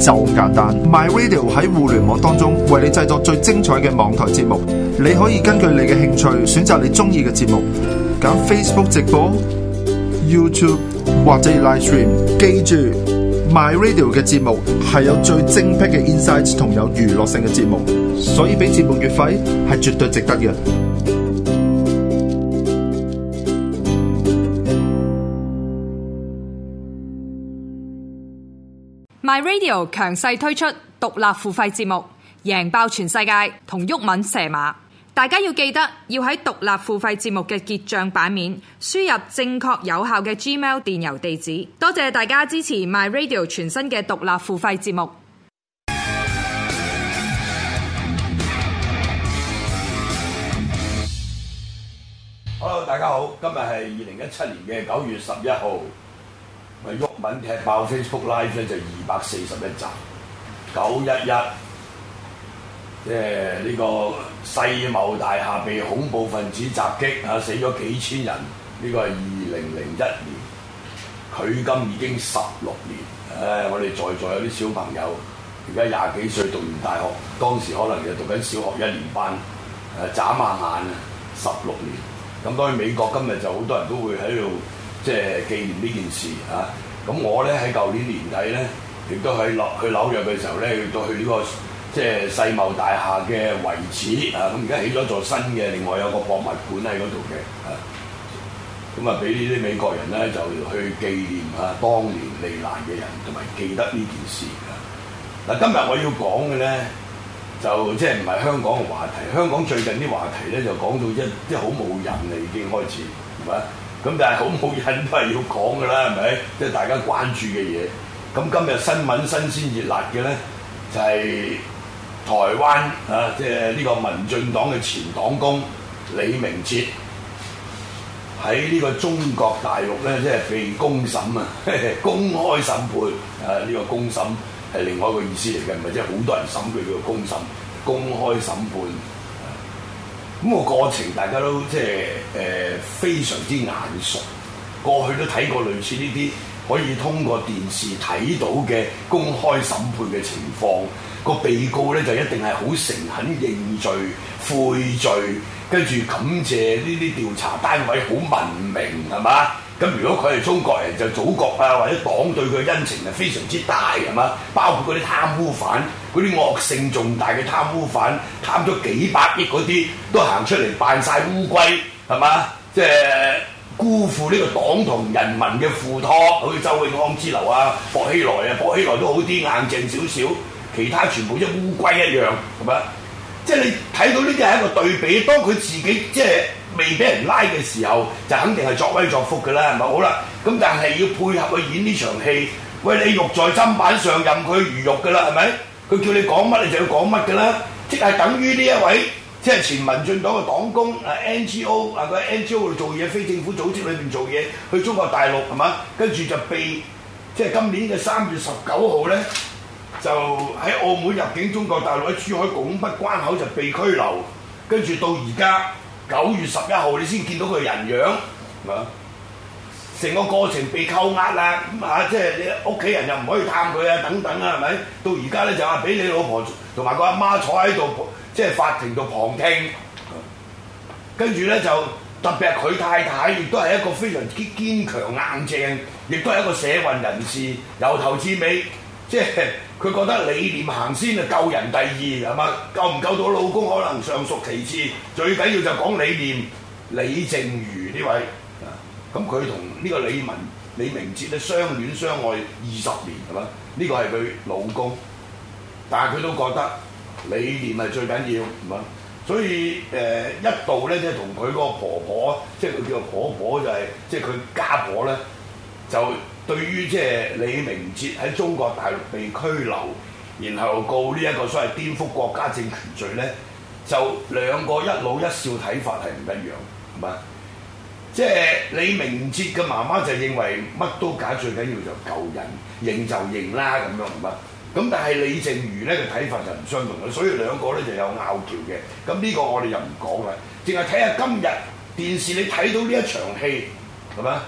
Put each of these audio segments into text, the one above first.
就咁簡單，My Radio 喺互聯網當中為你製作最精彩嘅網台節目，你可以根據你嘅興趣選擇你中意嘅節目，揀 Facebook 直播、YouTube 或者 Live Stream。記住，My Radio 嘅節目係有最精闢嘅 insights 同有娛樂性嘅節目，所以俾節目月費係絕對值得嘅。My Radio 強勢推出獨立付費節目，贏爆全世界同毓民蛇馬。大家要記得要喺獨立付費節目嘅結賬版面輸入正確有效嘅 Gmail 電郵地址。多謝大家支持 My Radio 全新嘅獨立付費節目。Hello，大家好，今日係二零一七年嘅九月十一號。文踢爆 Facebook Live 咧就二百四十一集，九一一，即係呢個世貿大廈被恐怖分子襲擊嚇、啊，死咗幾千人。呢、這個係二零零一年，距今已經十六年。誒、啊，我哋在座有啲小朋友，而家廿幾歲讀完大學，當時可能就讀緊小學一年班，誒眨下眼啊，十六年。咁、啊、當然美國今日就好多人都會喺度即係紀念呢件事嚇。啊咁我咧喺舊年年底咧，亦都去紐去紐約嘅時候咧，亦都去到去呢個即係世貿大廈嘅遺址啊！咁而家起咗座新嘅，另外有個博物館喺嗰度嘅啊！咁啊，俾呢啲美國人咧就去紀念下當年罹難嘅人，同埋記得呢件事啊！嗱，今日我要講嘅咧，就即係唔係香港嘅話題，香港最近啲話題咧，就講到一一好冇人啊，已經開始，係咪啊？咁但係好冇人都係要講㗎啦，係咪？即係大家關注嘅嘢。咁今日新聞新鮮熱辣嘅咧，就係台灣啊，即係呢個民進黨嘅前黨工李明哲喺呢個中國大陸咧，即係被公審啊，公開審判啊，呢個公審係另外一個意思嚟嘅，唔係即係好多人審佢叫做公審、公開審判。咁個過程大家都即係誒非常之眼熟，過去都睇過類似呢啲可以通過電視睇到嘅公開審判嘅情況，個被告咧就一定係好誠懇認罪悔罪，跟住感謝呢啲調查單位好文明，係嘛？咁如果佢係中國人，就祖國啊，或者黨對佢嘅恩情係非常之大，係嘛？包括嗰啲貪污犯，嗰啲惡性重大嘅貪污犯，貪咗幾百億嗰啲，都行出嚟扮晒烏龜，係嘛？即係辜負呢個黨同人民嘅付託，好似周永康之流啊，薄熙來啊，薄熙來都好啲，硬淨少少，其他全部一烏龜一樣，係咪？即係你睇到呢啲係一個對比，當佢自己即係，就是未俾人拉嘅時候，就肯定係作威作福㗎啦，係咪好啦？咁但係要配合佢演呢場戲，喂，你肉在砧板上任佢魚肉㗎啦，係咪？佢叫你講乜，你就要講乜㗎啦。即係等於呢一位，即係前民進黨嘅黨工啊，NGO 啊，佢喺 NGO 度做嘢，非政府組織裏邊做嘢，去中國大陸係嘛？跟住就被即係今年嘅三月十九號咧，就喺澳門入境中國大陸喺珠海拱北關口就被拘留，跟住到而家。九月十一號，你先見到佢人樣，成個過程被扣押啦，咁嚇，即係你屋企人又唔可以探佢啊，等等啊，係咪？到而家咧就話俾你老婆同埋個阿媽坐喺度，即係法庭度旁聽，跟住咧就特別係佢太太，亦都係一個非常之堅強硬淨，亦都係一個社運人士，由頭至尾。即係佢覺得理念行先啊，救人第二係嘛？救唔救到老公可能尚屬其次，最緊要就講理念。李淨瑜呢位，咁佢同呢個李文、李明哲咧相戀相愛二十年係嘛？呢、這個係佢老公，但係佢都覺得理念係最緊要，係嘛？所以誒、呃、一度咧，即係同佢嗰個婆婆，即係佢叫做婆婆、就是，就係即係佢家婆咧，就。對於即係李明哲喺中國大陸被拘留，然後告呢一個所謂顛覆國家政權罪咧，就兩個一老一少睇法係唔一樣，係嘛？即係李明哲嘅媽媽就認為乜都解，最緊要就救人，認就認啦咁樣，係嘛？咁但係李淨瑜咧嘅睇法就唔相同啦，所以兩個咧就有拗撬嘅。咁呢個我哋就唔講啦，淨係睇下今日電視你睇到呢一場戲係嘛？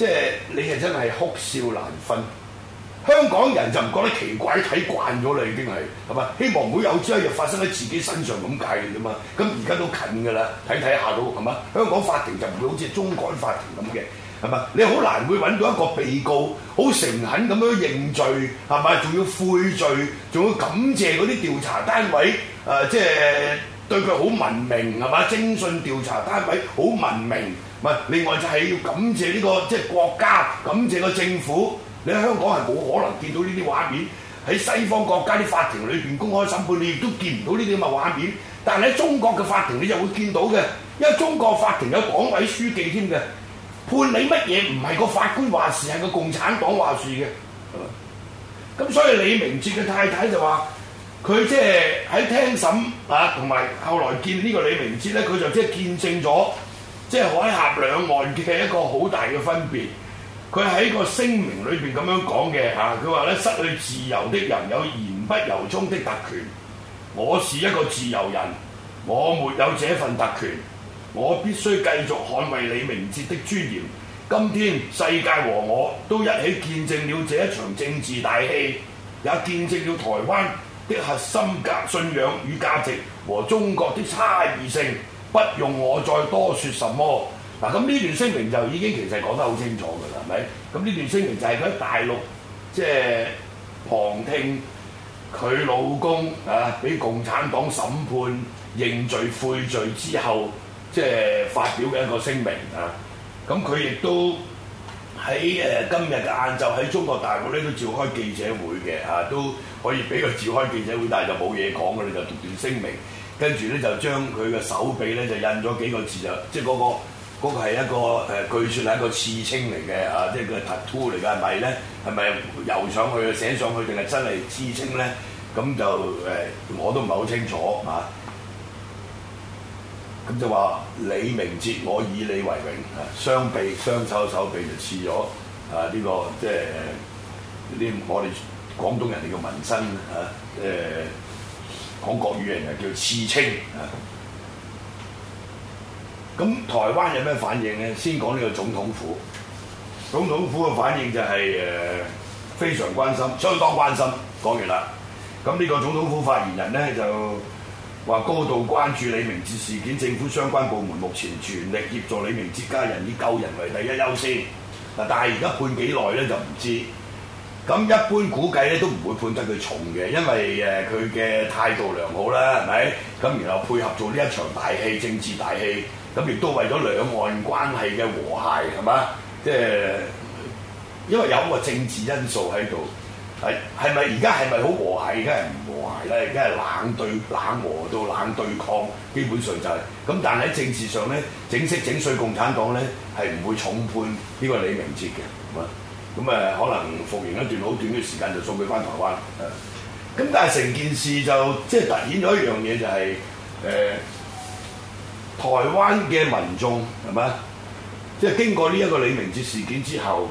即係你係真係哭笑難分，香港人就唔覺得奇怪，睇慣咗啦已經係係咪？希望唔會有朝一日發生喺自己身上咁計㗎嘛？咁而家都近㗎啦，睇睇下都係嘛？香港法庭就唔會好似中港法庭咁嘅係咪？你好難會揾到一個被告好誠懇咁樣認罪係咪？仲要悔罪，仲要感謝嗰啲調查單位誒、呃，即係對佢好文明係嘛？偵訊調查單位好文明。唔係，另外就係要感謝呢個即係國家，感謝個政府。你喺香港係冇可能見到呢啲畫面，喺西方國家啲法庭裏邊公開審判，你亦都見唔到呢啲咁嘅畫面。但係喺中國嘅法庭，你就會見到嘅，因為中國法庭有黨委書記添嘅，判你乜嘢唔係個法官話事，係個共產黨話事嘅。咁所以李明哲嘅太太就話，佢即係喺聽審啊，同埋後來見呢個李明哲呢，佢就即係見證咗。即係海峽兩岸嘅一個好大嘅分別，佢喺個聲明裏邊咁樣講嘅嚇，佢話咧，失去自由的人有言不由衷的特權，我是一個自由人，我沒有這份特權，我必須繼續捍衞李明哲的尊嚴。今天世界和我都一起見證了這一場政治大戲，也見證了台灣的核心格信仰與價值和中國的差異性。不用我再多説什麼嗱，咁呢段聲明就已經其實講得好清楚㗎啦，係咪？咁呢段聲明就係佢喺大陸即係旁聽佢老公啊，俾共產黨審判認罪悔罪之後，即係發表嘅一個聲明啊。咁佢亦都喺誒今日嘅晏晝喺中國大陸咧都召開記者會嘅啊，都可以俾佢召開記者會，但係就冇嘢講㗎，你就讀段聲明。跟住咧就將佢嘅手臂咧就印咗幾個字就是那個，即係嗰個嗰個係一個誒，據説係一個刺青嚟嘅嚇，即係佢係 tattoo 嚟嘅，係咪咧？係咪油上去寫上去定係真係刺青咧？咁就誒、呃，我都唔係好清楚嚇。咁、啊、就話李明哲，我以你為榮，雙臂雙手手臂就刺咗啊！呢、這個即係呢，呃、我哋廣東人哋嘅紋身嚇誒。啊呃講國語人就叫刺青啊！咁台灣有咩反應咧？先講呢個總統府，總統府嘅反應就係、是、誒、呃、非常關心、相當關心。講完啦。咁呢個總統府發言人咧就話高度關注李明哲事件，政府相關部門目前全力協助李明哲家人，以救人為第一優先。嗱，但係而家判幾耐咧就唔知。咁一般估計咧都唔會判得佢重嘅，因為誒佢嘅態度良好啦，係咪？咁然後配合做呢一場大戲，政治大戲，咁亦都為咗兩岸關係嘅和諧，係嘛？即、就、係、是、因為有個政治因素喺度，係係咪而家係咪好和諧？梗係唔和諧啦，梗係冷對冷和到冷對抗，基本上就係、是、咁。但喺政治上咧，整色整水共產黨咧，係唔會重判呢個李明哲嘅。咁誒，可能服刑一段好短嘅時間就送佢返台灣。咁但係成件事就即係突顯咗一樣嘢，就係、是、誒、就是呃、台灣嘅民眾係咪即係經過呢一個李明哲事件之後，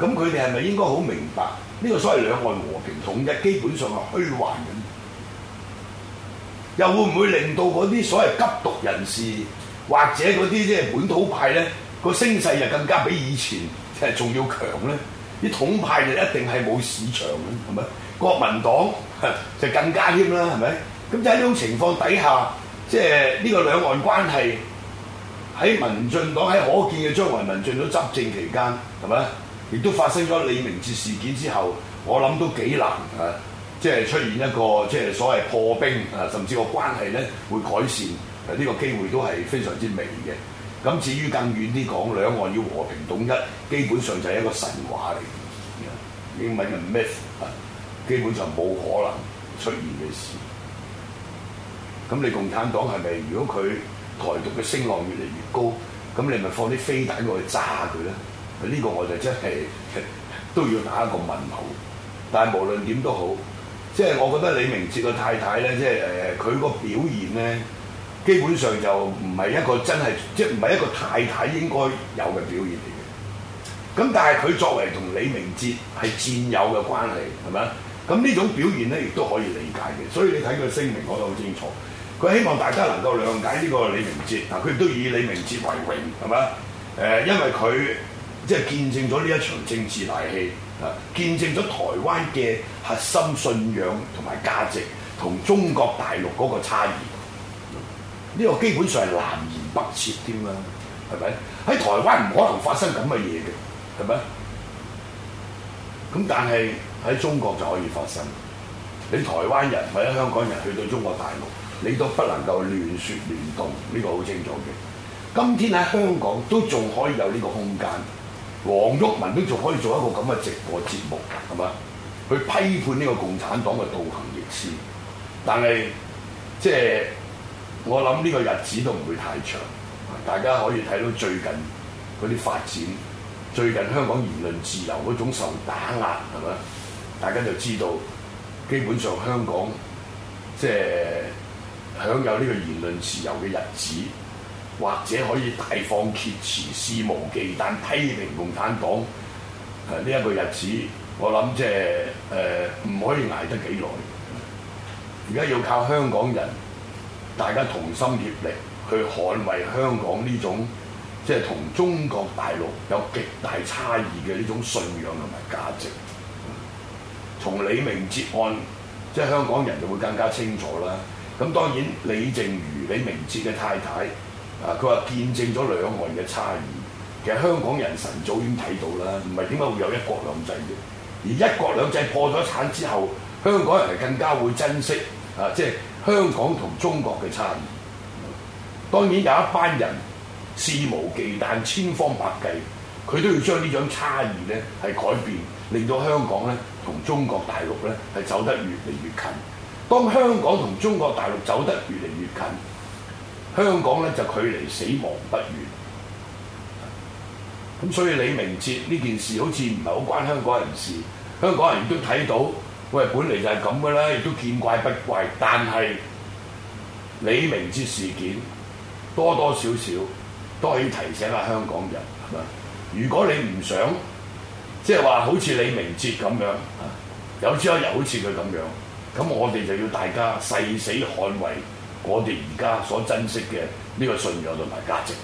咁佢哋係咪應該好明白呢個所謂兩岸和平統一基本上係虛幻嘅？又會唔會令到嗰啲所謂急獨人士或者嗰啲即係本土派咧，個聲勢又更加比以前？誒仲要強咧，啲統派就一定係冇市場嘅，係咪？國民黨就更加添啦，係咪？咁就喺呢種情況底下，即係呢個兩岸關係喺民進黨喺可見嘅將來民進黨執政期間，係咪？亦都發生咗李明哲事件之後，我諗都幾難啊！即係出現一個即係所謂破冰啊，甚至個關係咧會改善啊，呢個機會都係非常之微嘅。咁至於更遠啲講，兩岸要和平統一，基本上就係一個神話嚟嘅，英文嘅 m i r a 基本上冇可能出現嘅事。咁你共產黨係咪？如果佢台獨嘅聲浪越嚟越高，咁你咪放啲飛彈過去揸佢咧？呢個我就真係都要打一個問號。但係無論點都好，即、就、係、是、我覺得李明哲嘅太太咧，即係誒佢個表現咧。基本上就唔係一個真係，即係唔係一個太太應該有嘅表現嚟嘅。咁但係佢作為同李明哲係戰友嘅關係，係咪咁呢種表現咧，亦都可以理解嘅。所以你睇佢聲明，我都好清楚。佢希望大家能夠諒解呢個李明哲，嗱佢亦都以李明哲為榮，係咪誒，因為佢即係見證咗呢一場政治大戲，啊，見證咗台灣嘅核心信仰同埋價值同中國大陸嗰個差異。呢個基本上係南轅北轍添啦，係咪？喺台灣唔可能發生咁嘅嘢嘅，係咪？咁但係喺中國就可以發生。你台灣人或者香港人去到中國大陸，你都不能夠亂説亂動，呢個好清楚嘅。今天喺香港都仲可以有呢個空間，黃毓民都仲可以做一個咁嘅直播節目，係咪？去批判呢個共產黨嘅倒行逆施，但係即係。我諗呢個日子都唔會太長，大家可以睇到最近嗰啲發展，最近香港言論自由嗰種受打壓，係嘛？大家就知道，基本上香港即係享有呢個言論自由嘅日子，或者可以大放厥詞、肆無忌憚批評共產黨，呢、這、一個日子，我諗即係誒唔可以捱得幾耐。而家要靠香港人。大家同心協力去捍衞香港呢種即係同中國大陸有極大差異嘅呢種信仰同埋價值。從、嗯、李明哲案，即係香港人就會更加清楚啦。咁當然李淨瑜、李明哲嘅太太啊，佢話見證咗兩岸嘅差異。其實香港人神早已經睇到啦，唔係點解會有一國兩制嘅？而一國兩制破咗產之後，香港人係更加會珍惜啊！即係。香港同中國嘅差異，當然有一班人肆無忌憚、千方百計，佢都要將呢種差異咧係改變，令到香港咧同中國大陸咧係走得越嚟越近。當香港同中國大陸走得越嚟越近，香港咧就距離死亡不遠。咁所以李明哲呢件事好似唔係好關香港人事，香港人都睇到。喂，本嚟就係咁嘅啦，亦都見怪不怪。但係李明哲事件多多少少都可以提醒下香港人，係嘛？如果你唔想即係話好似李明哲咁樣，有朝一日好似佢咁樣，咁我哋就要大家誓死捍衞我哋而家所珍惜嘅呢個信仰同埋價值。